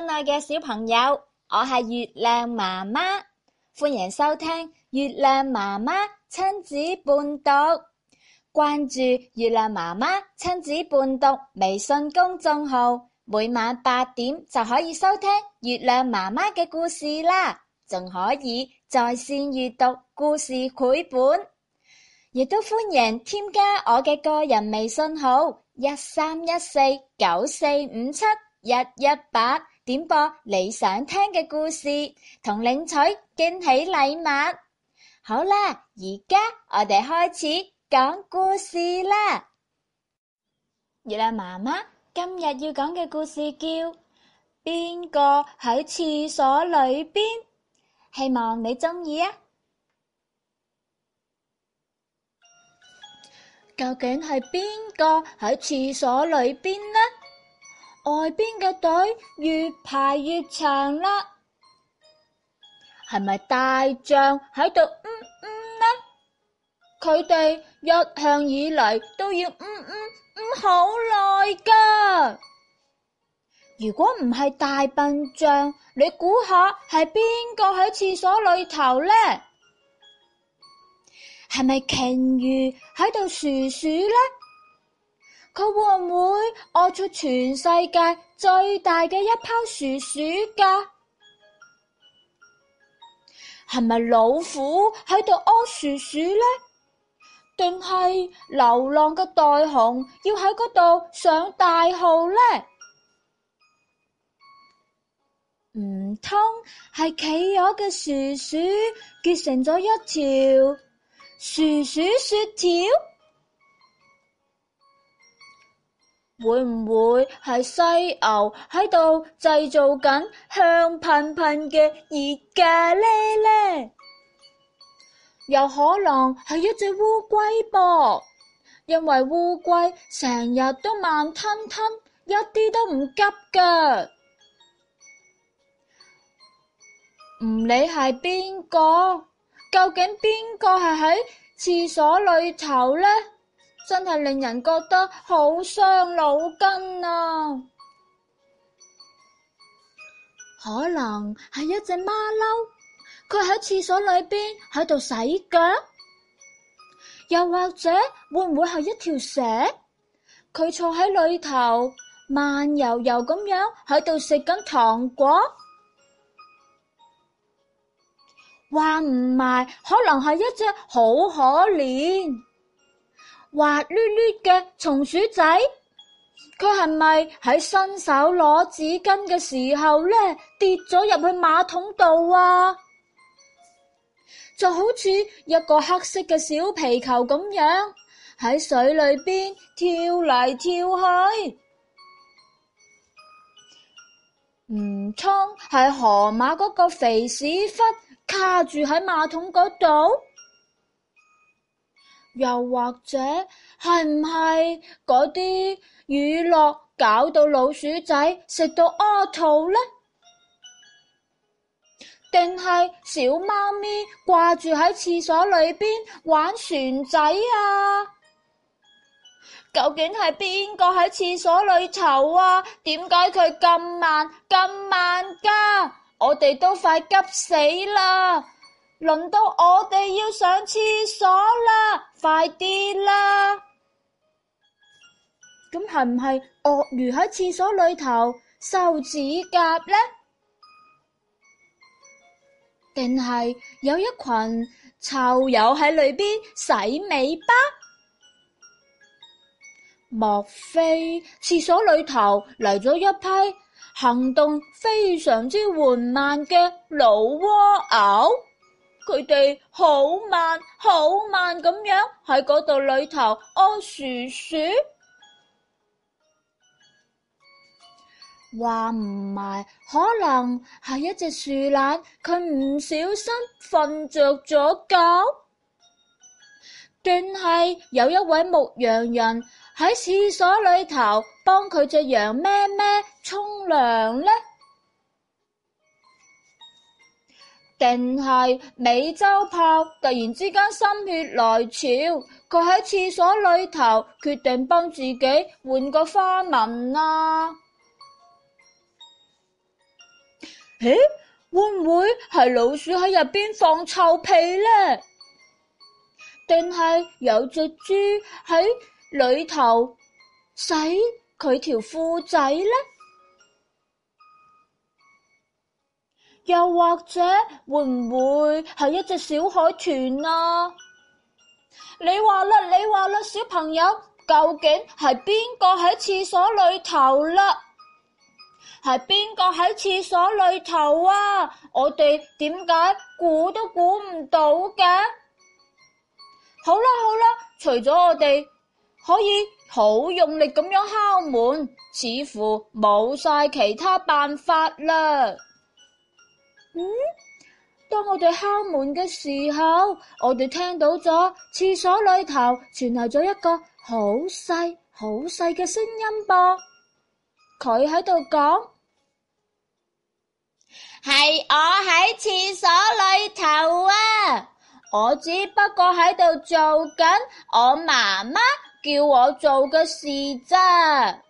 親愛嘅小朋友，我係月亮媽媽，歡迎收聽月亮媽媽親子伴讀。關注月亮媽媽親子伴讀微信公眾號，每晚八點就可以收聽月亮媽媽嘅故事啦，仲可以在綫閱讀故事繪本，亦都歡迎添加我嘅個人微信號一三一四九四五七一一八。點播你想聽嘅故事，同領取驚喜禮物。好啦，而家我哋開始講故事啦。月亮媽媽今日要講嘅故事叫《邊個喺廁所裏邊》，希望你中意啊！究竟係邊個喺廁所裏邊？外邊嘅隊越排越長啦，係咪大象喺度、嗯？嗯嗯呢，佢哋一向以嚟都要嗯嗯嗯好耐噶。如果唔係大笨象，你估下係邊個喺廁所裏頭呢？係咪鯨魚喺度薯嘘呢？佢會唔會屙出全世界最大嘅一泡薯鼠噶？係咪老虎喺度屙薯鼠呢？定係流浪嘅袋熊要喺嗰度上大號呢？唔通係企咗嘅薯鼠結成咗一條薯鼠雪條？會唔會係犀牛喺度製造緊香噴噴嘅熱咖喱呢？又可能係一隻烏龜噃，因為烏龜成日都慢吞吞，一啲都唔急噶。唔理係邊個，究竟邊個係喺廁所裏頭呢？真係令人覺得好傷腦筋啊！可能係一隻馬騮，佢喺廁所裏邊喺度洗腳；又或者會唔會係一條蛇？佢坐喺裏頭慢悠悠咁樣喺度食緊糖果？話唔埋，可能係一隻好可憐。滑捋捋嘅松鼠仔，佢係咪喺伸手攞紙巾嘅時候呢，跌咗入去馬桶度啊？就好似一個黑色嘅小皮球咁樣喺水裏邊跳嚟跳去。唔通係河馬嗰個肥屎忽卡住喺馬桶嗰度？又或者係唔係嗰啲雨落搞到老鼠仔食到屙肚呢？定係小貓咪掛住喺廁所裏邊玩船仔啊？究竟係邊個喺廁所裏頭啊？點解佢咁慢咁慢噶？我哋都快急死啦！輪到我哋要上廁所啦，快啲啦！咁係唔係鱷魚喺廁所裏頭修指甲呢？定係有一群臭友喺裏邊洗尾巴？莫非廁所裏頭嚟咗一批行動非常之緩慢嘅老蝸牛？佢哋好慢，好慢咁樣喺嗰度裏頭屙薯薯，話唔埋可能係一隻樹懶，佢唔小心瞓着咗覺，定係有一位牧羊人喺廁所裏頭幫佢隻羊咩咩沖涼呢？定係美洲豹突然之間心血來潮，佢喺廁所裏頭決定幫自己換個花紋啊？咦，會唔會係老鼠喺入邊放臭屁咧？定係有隻豬喺裏頭洗佢條褲仔咧？又或者會唔會係一隻小海豚啊？你話啦，你話啦，小朋友，究竟係邊個喺廁所裏頭啦？係邊個喺廁所裏頭啊？我哋點解估都估唔到嘅？好啦，好啦，除咗我哋可以好用力咁樣敲門，似乎冇晒其他辦法啦。嗯，當我哋敲門嘅時候，我哋聽到咗廁所裏頭傳來咗一個好細好細嘅聲音噃。佢喺度講：係我喺廁所裏頭啊，我只不過喺度做緊我媽媽叫我做嘅事啫。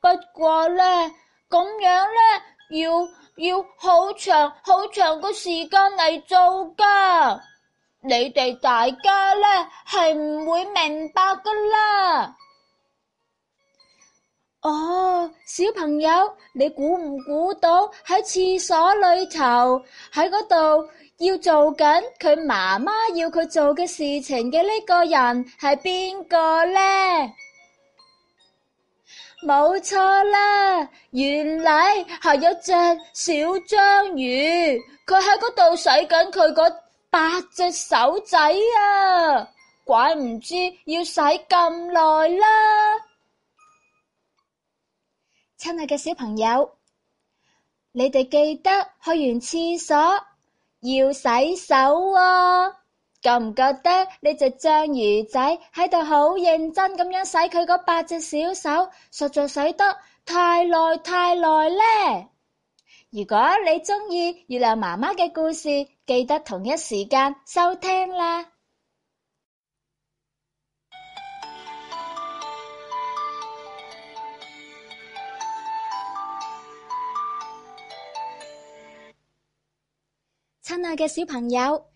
不過咧，咁樣咧。要要好長好長個時間嚟做㗎，你哋大家咧係唔會明白㗎啦。哦，小朋友，你估唔估到喺廁所裏頭喺嗰度要做緊佢媽媽要佢做嘅事情嘅呢個人係邊個咧？冇錯啦，原來係有隻小章魚，佢喺嗰度洗緊佢嗰八隻手仔啊！鬼唔知要洗咁耐啦。親愛嘅小朋友，你哋記得去完廁所要洗手啊。覺唔覺得呢隻章魚仔喺度好認真咁樣洗佢嗰八隻小手，實在洗得太耐太耐呢？如果你鍾意月亮媽媽嘅故事，記得同一時間收聽啦，親愛嘅小朋友。